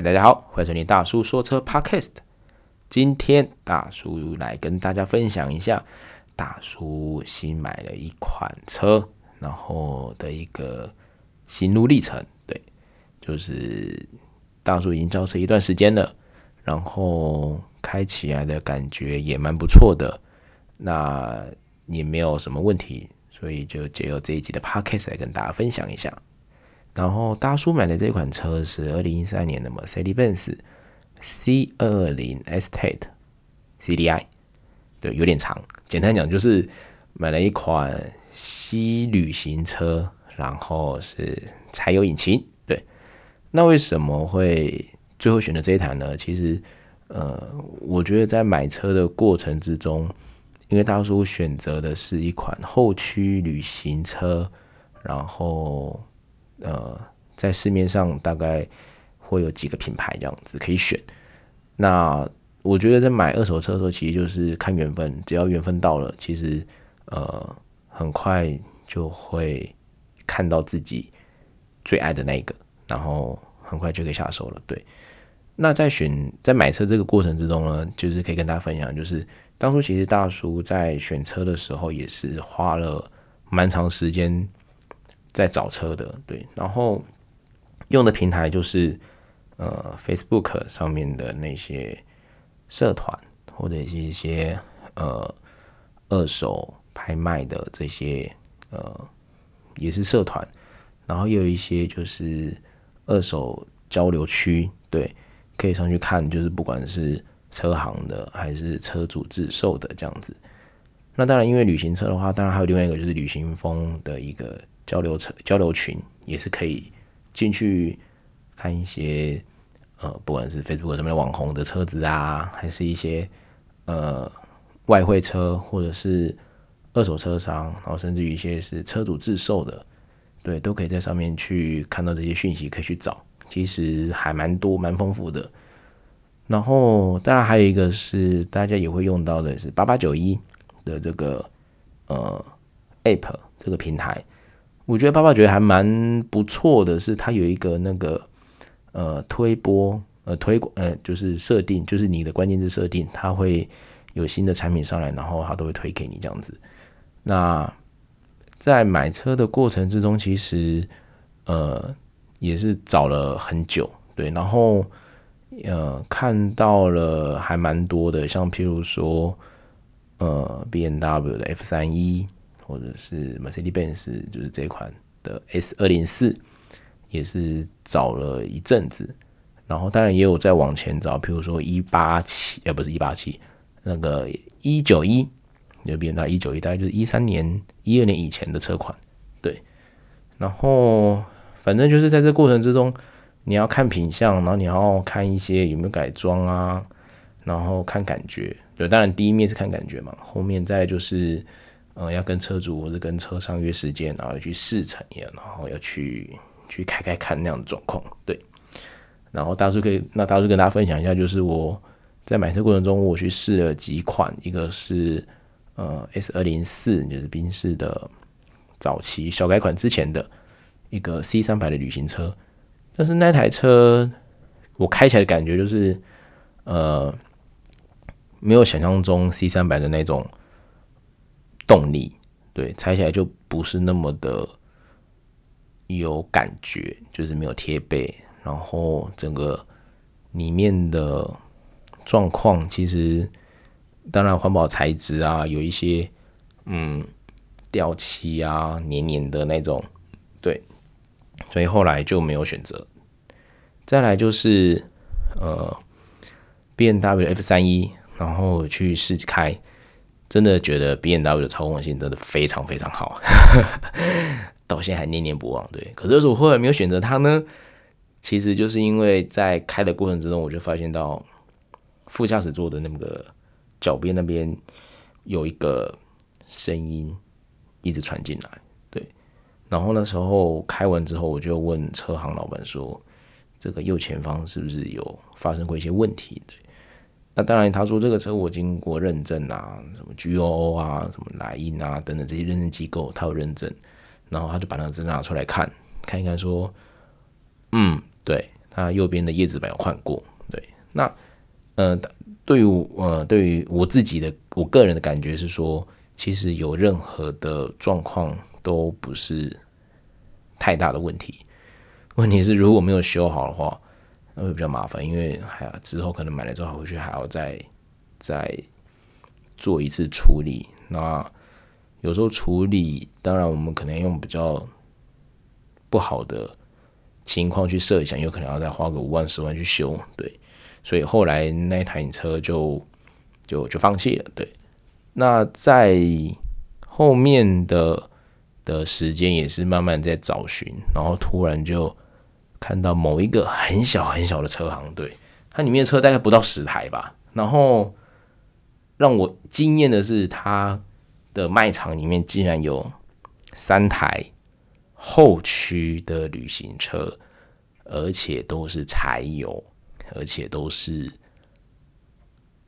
嗨，大家好，歡迎收聽大叔說車 Podcast。今天大叔來跟大家分享一下大叔新買了一款車，然後的一個心路歷程。對，就是大叔已經交車一段時間了，然後開起來的感覺也蠻不錯的，那也沒有什麼問題，所以就借由這一集的 Podcast 來跟大家分享一下。然後大叔買的這款車是二零一三年的嘛，Mercedes Benz C220 Estate CDI，對，有點長。簡單講就是買了一款 C 旅行車，然後是柴油引擎。對，那為什麼會最後選擇這一台呢？其實，呃，我覺得在買車的過程之中，因為大叔選擇的是一款後驅旅行車，然後。呃，在市面上大概會有幾個品牌這樣子可以選。那我覺得在買二手車的時候，其實就是看緣分，只要緣分到了，其實呃很快就會看到自己最愛的那一個，然後很快就可以下手了。對。那在選在買車這個過程之中呢，就是可以跟大家分享，就是當初其實大叔在選車的時候也是花了蠻長時間。在找車的，對，然後用的平台就是呃 Facebook 上面的那些社團，或者是一些呃二手拍賣的這些呃也是社團，然後也有一些就是二手交流區，對，可以上去看，就是不管是車行的還是車主自售的這樣子。那當然，因為旅行車的話，當然還有另外一個就是旅行風的一個，交流車交流群也是可以進去看一些呃，不管是 Facebook 什麼的網紅的車子啊，還是一些呃外匯車或者是二手車商，然後甚至於一些是車主自售的，對，都可以在上面去看到這些訊息，可以去找，其實還蠻多蠻豐富的。然後，當然還有一個是大家也會用到的是八八九一的這個呃 App 這個平台。我覺得爸爸覺得還蠻不錯的，是它有一個那個呃推播、呃推廣呃就是設定，就是你的關鍵字設定，它會有新的產品上來，然後它都會推給你這樣子。那在買車的過程之中，其實呃也是找了很久，對，然後呃看到了還蠻多的，像譬如說呃 BMW 的 F31。或者是 Mercedes-Benz 就是這款的 S 二零四，也是找了一陣子，然後當然也有再往前找，譬如說一八七，呃，不是一八七，那個一九一，就變到那一九一，大概就是一三年、一二年以前的車款，對。然後反正就是在這個過程之中，你要看品相，然後你要看一些有沒有改裝啊，然後看感覺，對，當然第一面是看感覺嘛，後面再就是。嗯，要跟車主或者跟車商約時間，然後要去試乘一樣，然後要去後要去，去開開看那樣的狀況。對，然後大叔可以，那大叔跟大家分享一下，就是我在買車過程中，我去試了幾款，一個是呃 S 二零四，S204, 就是賓士的早期小改款之前的一個 C 三百的旅行車，但是那台車我開起來的感覺就是呃沒有想象中 C 三百的那種。動力，對，踩起來就不是那麼的有感覺，就是沒有貼背，然後整個裡面的狀況，其實當然環保材質啊，有一些嗯掉漆啊、黏黏的那種，對，所以後來就沒有選擇。再來就是呃 BMW F31，然後去試開。真的覺得 BMW 的操控性真的非常非常好， 到現在還念念不忘。對，可是我後來沒有選擇它呢，其實就是因為在開的過程之中，我就發現到副駕駛座的那個腳邊那邊有一個聲音一直傳進來。對，然後那時候開完之後，我就問車行老闆說，這個右前方是不是有發生過一些問題？對。那當然，他說這個車我經過認證啊，什麼 Goo 啊，什麼萊茵啊等等這些認證機構，他有認證，然後他就把那個證拿出來看，看一看，說，嗯，對，他右邊的葉子板有換過，對，那，呃，對於呃，對於我自己的，我個人的感覺是說，其實有任何的狀況都不是太大的問題，問題是如果沒有修好的話。會比較麻煩，因為還之後可能買了之後回去還要再再做一次處理。那有時候處理，當然我們可能用比較不好的情況去設想，有可能要再花個五萬十萬去修。對，所以後來那一台車就就就放棄了。對，那在後面的的時間也是慢慢在找尋，然後突然就。看到某一個很小很小的車行，對，它裡面的車大概不到十台吧。然後讓我驚艷的是，它的賣場裡面竟然有三台後驅的旅行車，而且都是柴油，而且都是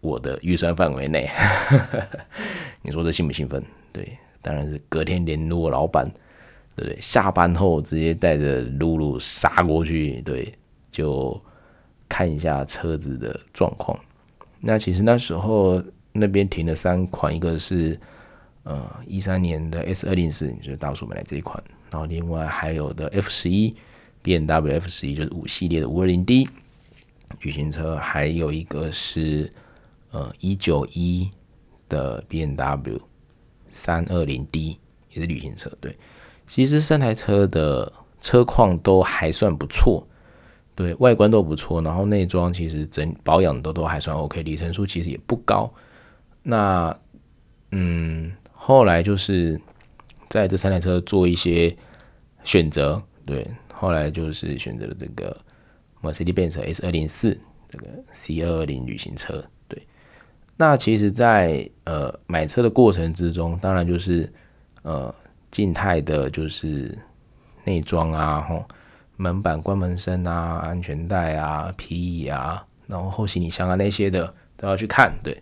我的預算範圍內。 你說這興不興奮？對，當然是隔天聯絡老闆。對，下班後直接帶着露露殺過去，對，就看一下車子的狀況。那其實那時候那邊停了三款，一個是呃一三年的 S 二零四，就是大叔買來這一款，然後另外還有的 F 十一，B M W F 十一就是五系列的五二零 D 旅行車，還有一個是呃一九一的 B M W 三二零 D 也是旅行車，對。其實三台車的車況都還算不錯，對，外觀都不錯，然後內裝其實整保養都都還算 OK，里程數其實也不高。那嗯，後來就是在這三台車做一些選擇，對，後來就是選擇了這個 Mercedes Benz S 二零四這個 C 二二零旅行車，對。那其實在，在呃買車的過程之中，當然就是呃。靜態的就是內裝啊，吼，門板、關門聲啊，安全帶啊，皮椅啊，然後後行李箱啊那些的都要去看，對。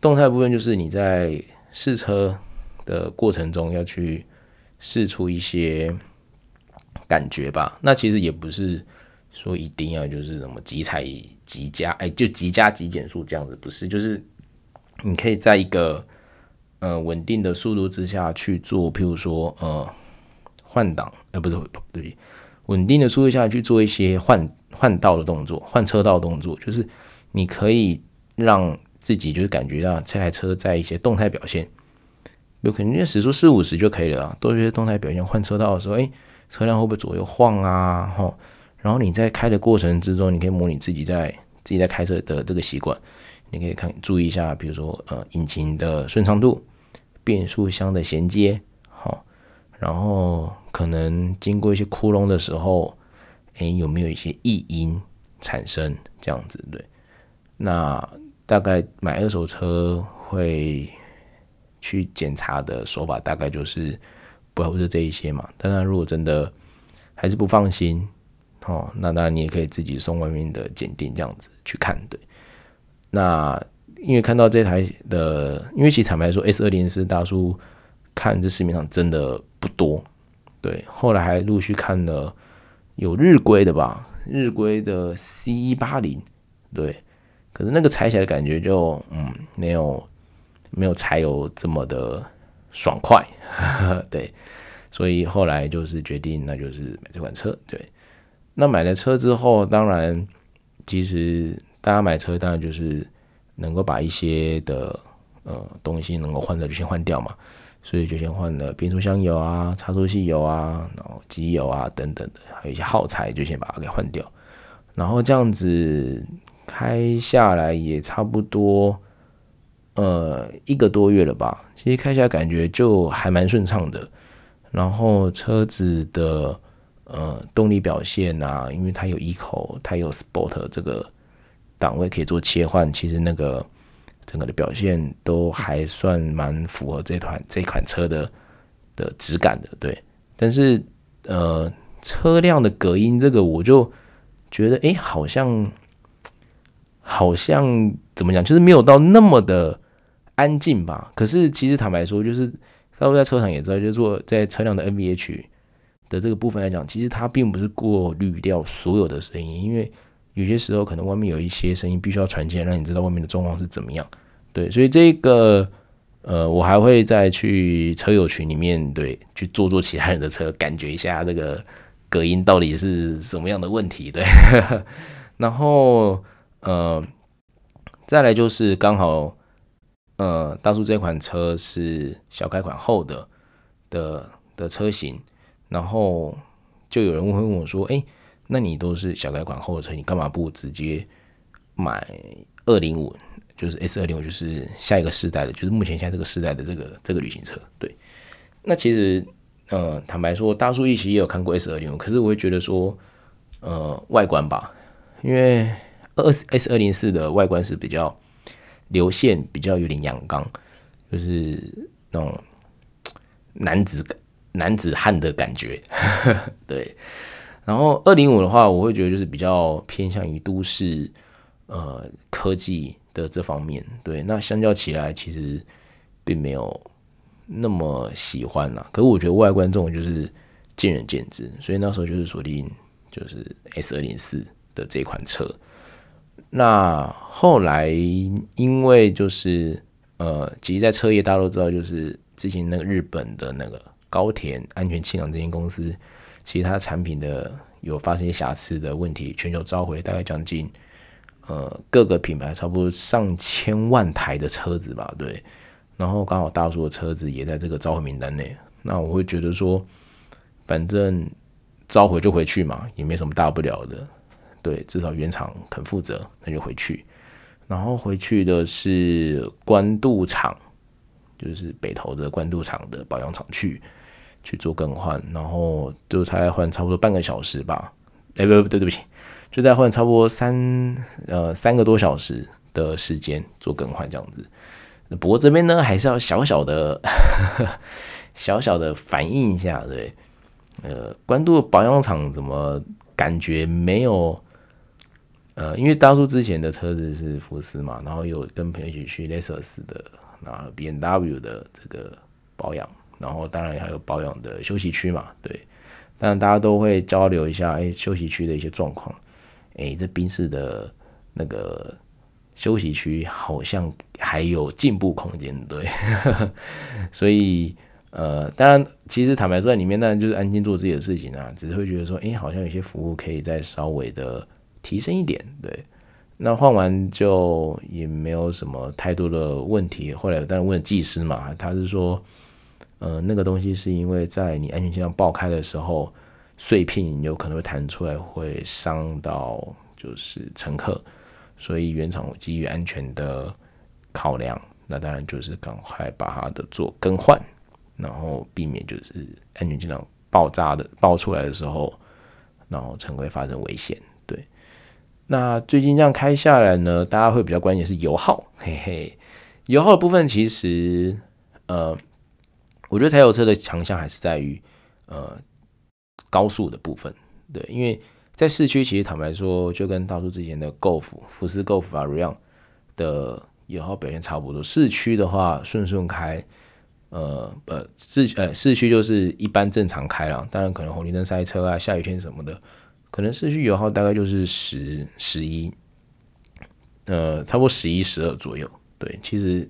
動態部分就是你在試車的過程中要去試出一些感覺吧。那其實也不是說一定要就是什麼急踩急加，哎，就急加急減速這樣子，不是，就是你可以在一個。呃，穩定的速度之下去做，譬如說，呃，換擋，呃，不是，不對，穩定的速度下去做一些換換道的動作，換車道的動作，就是你可以讓自己就是感覺到這台車在一些動態表現，有可能就時速四五十就可以了啊，多一些動態表現換車道的時候，哎、欸，車輛會不會左右晃啊？吼，然後你在開的過程之中，你可以模擬自己在自己在開車的這個習慣。你可以看注意一下，比如說呃，引擎的順暢度、變速箱的銜接，好、哦，然後可能經過一些窟窿的時候，誒、欸，有沒有一些異音產生？這樣子，對。那大概買二手車會去檢查的手法，大概就是不就是這一些嘛。當然，如果真的還是不放心，哦，那當然你也可以自己送外面的鑑定，這樣子去看，對。那因為看到這台的，因為其實坦白說，S 二零四大叔看這市面上真的不多，對。後來還陸續看了有日規的吧，日規的 C 一八零，對。可是那個踩起來的感覺就，嗯，沒有沒有柴油這麼的爽快，對。所以後來就是決定，那就是買這款車，對。那買了車之後，當然其實。大家買車當然就是能夠把一些的呃東西能夠換的就先換掉嘛，所以就先換了變速箱油啊、差速器油啊、然後機油啊等等的，還有一些耗材就先把它給換掉。然後這樣子開下來也差不多呃一個多月了吧。其實開下來感覺就還蠻順暢的。然後車子的呃動力表現啊，因為它有 ECO，它有 Sport 這個。檔位可以做切換，其實那個整個的表現都還算蠻符合這款這款車的的質感的，對。但是呃，車輛的隔音這個我就覺得，哎，好像好像怎麼講，就是沒有到那麼的安靜吧。可是其實坦白說，就是稍微在車上也知道，就是說在車輛的 NVH 的這個部分來講，其實它並不是過濾掉所有的聲音，因為。有些時候可能外面有一些聲音，必須要傳進來，讓你知道外面的狀況是怎麼樣？對，所以這個呃，我還會再去車友群裡面，對，去坐坐其他人的車，感覺一下這個隔音到底是什麼樣的問題。對， 然後呃，再來就是剛好呃，大叔這款車是小改款後的的的車型，然後就有人會問問我說，哎、欸。那你都是小改款後的車，你幹嘛不直接買二零五？就是 S 二零五，就是下一個世代的，就是目前現在這個世代的這個這個旅行車。對，那其實呃，坦白說，大叔一起也有看過 S 二零五，可是我會覺得說，呃，外觀吧，因為二 S 二零四的外觀是比較流線，比較有點陽剛，就是那種男子男子漢的感覺，呵呵對。然後二零五的話，我會覺得就是比較偏向於都市，呃，科技的這方面。對，那相較起來，其實並沒有那麼喜歡啦。可是我覺得外觀這種就是見仁見智，所以那時候就是鎖定就是 S 二零四的這款車。那後來因為就是呃，其實，在車業大家都知道，就是之前那個日本的那個高田安全氣囊這間公司。其他產品的有發生一些瑕疵的問題，全球召回大概將近，呃，各個品牌差不多上千萬台的車子吧，對。然後剛好大叔的車子也在這個召回名單內，那我會覺得說，反正召回就回去嘛，也沒什麼大不了的，對，至少原廠肯負責，那就回去。然後回去的是關渡廠，就是北投的關渡廠的保養廠去。去做更換，然後就才換差不多半個小時吧。哎、欸，不，不對，對不起，就再換差不多三呃三個多小時的時間做更換這樣子。不過這邊呢，還是要小小的呵呵小小的反映一下，對，呃，關渡保養廠怎麼感覺沒有？呃，因為大叔之前的車子是福斯嘛，然後又有跟朋友一起去雷瑟斯的，然後 BMW 的這個保養。然後當然還有保養的休息區嘛，對，當然大家都會交流一下，哎，休息區的一些狀況，哎，這賓士的那個休息區好像還有進步空間，對， 所以呃，當然其實坦白說在裡面，那就是安心做自己的事情啊，只是會覺得說，哎，好像有些服務可以再稍微的提升一點，對，那換完就也沒有什麼太多的問題，後來當然問技師嘛，他是說。呃，那個東西是因為在你安全氣囊爆開的時候，碎片有可能會彈出來，會傷到就是乘客，所以原廠基於安全的考量，那當然就是趕快把它的做更換，然後避免就是安全氣囊爆炸的爆出來的時候，然後乘客會發生危險。對，那最近這樣開下來呢，大家會比較關心的是油耗，嘿嘿，油耗的部分其實呃。我覺得柴油車的強項還是在於，呃，高速的部分。對，因為在市區，其實坦白說，就跟大叔之前的高爾夫、福斯、高爾夫啊 Rion 的油耗表現差不多。市區的話，順順開，呃，不市呃，市區、呃、就是一般正常開啦，當然可能紅綠燈塞車啊、下雨天什麼的，可能市區油耗大概就是十、十一，呃，差不多十一、十二左右。對，其實。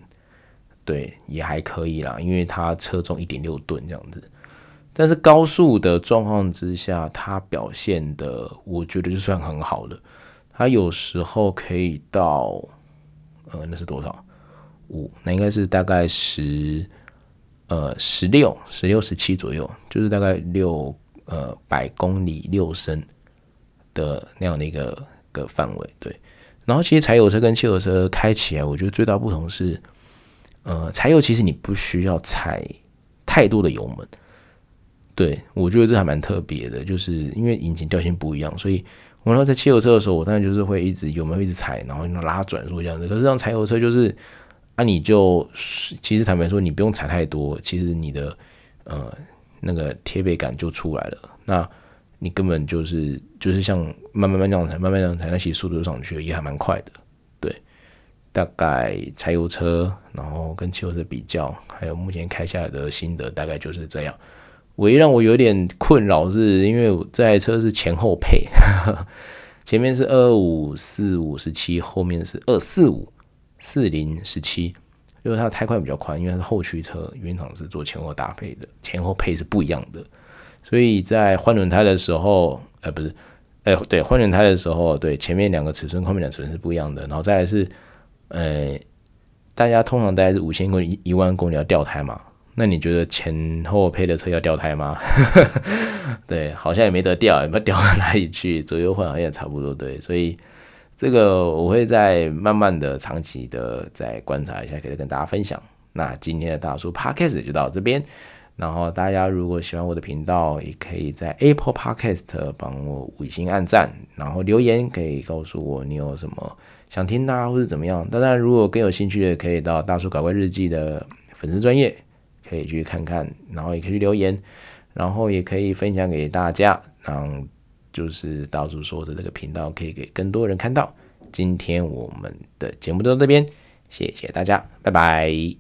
對，也還可以啦，因為它車重一點六噸這樣子，但是高速的狀況之下，它表現的，我覺得就算很好了，它有時候可以到，呃，那是多少？五？那應該是大概十，呃，十六、十六、十七左右，就是大概六，呃，百公里六升的那樣的一個一個範圍。對，然後其實柴油車跟汽油車開起來，我覺得最大不同是。呃，柴油其實你不需要踩太多的油門，對，我覺得這還蠻特別的，就是因為引擎調性不一樣，所以我說在汽油車，車的時候，我當然就是會一直油門一直踩，然後拉轉速這樣子。可是像柴油車就是，啊你就其實坦白說你不用踩太多，其實你的呃那個貼背感就出來了。那你根本就是就是像慢慢慢這樣踩，慢慢這樣踩，那其實速度上去也還蠻快的。大概柴油車，然後跟汽油車比較，還有目前開下來的心得，大概就是這樣。唯一讓我有點困擾是，因為這台車是前後配，呵呵，前面是二五四五十七，後面是二四五四零十七，因為它的胎寬比較寬，因為它是後驅車，原廠是做前後搭配的，前後配是不一樣的。所以在換輪胎的時候，呃，不是，呃，對，換輪胎的時候，對，前面兩個尺寸，後面兩尺寸是不一樣的。然後再來是。呃，大家通常大概是五千公里一、一萬公里要掉胎嘛？那你覺得前後配的車要掉胎嗎？ 對，好像也沒得掉，也不掉到哪裡去，左右換好像也差不多。對，所以這個我會再慢慢的、長期的再觀察一下，可以跟大家分享。那今天的大叔 Podcast 就到這邊。然後大家如果喜歡我的頻道，也可以在 Apple Podcast 幫我五星按讚，然後留言可以告訴我你有什麼。想聽啦，啊，或是怎麼樣？當然，如果更有興趣的，可以到大叔搞怪日記的粉絲專頁，可以去看看，然後也可以去留言，然後也可以分享給大家，讓就是大叔說的這個頻道可以給更多人看到。今天我們的節目就到這邊，謝謝大家，拜拜。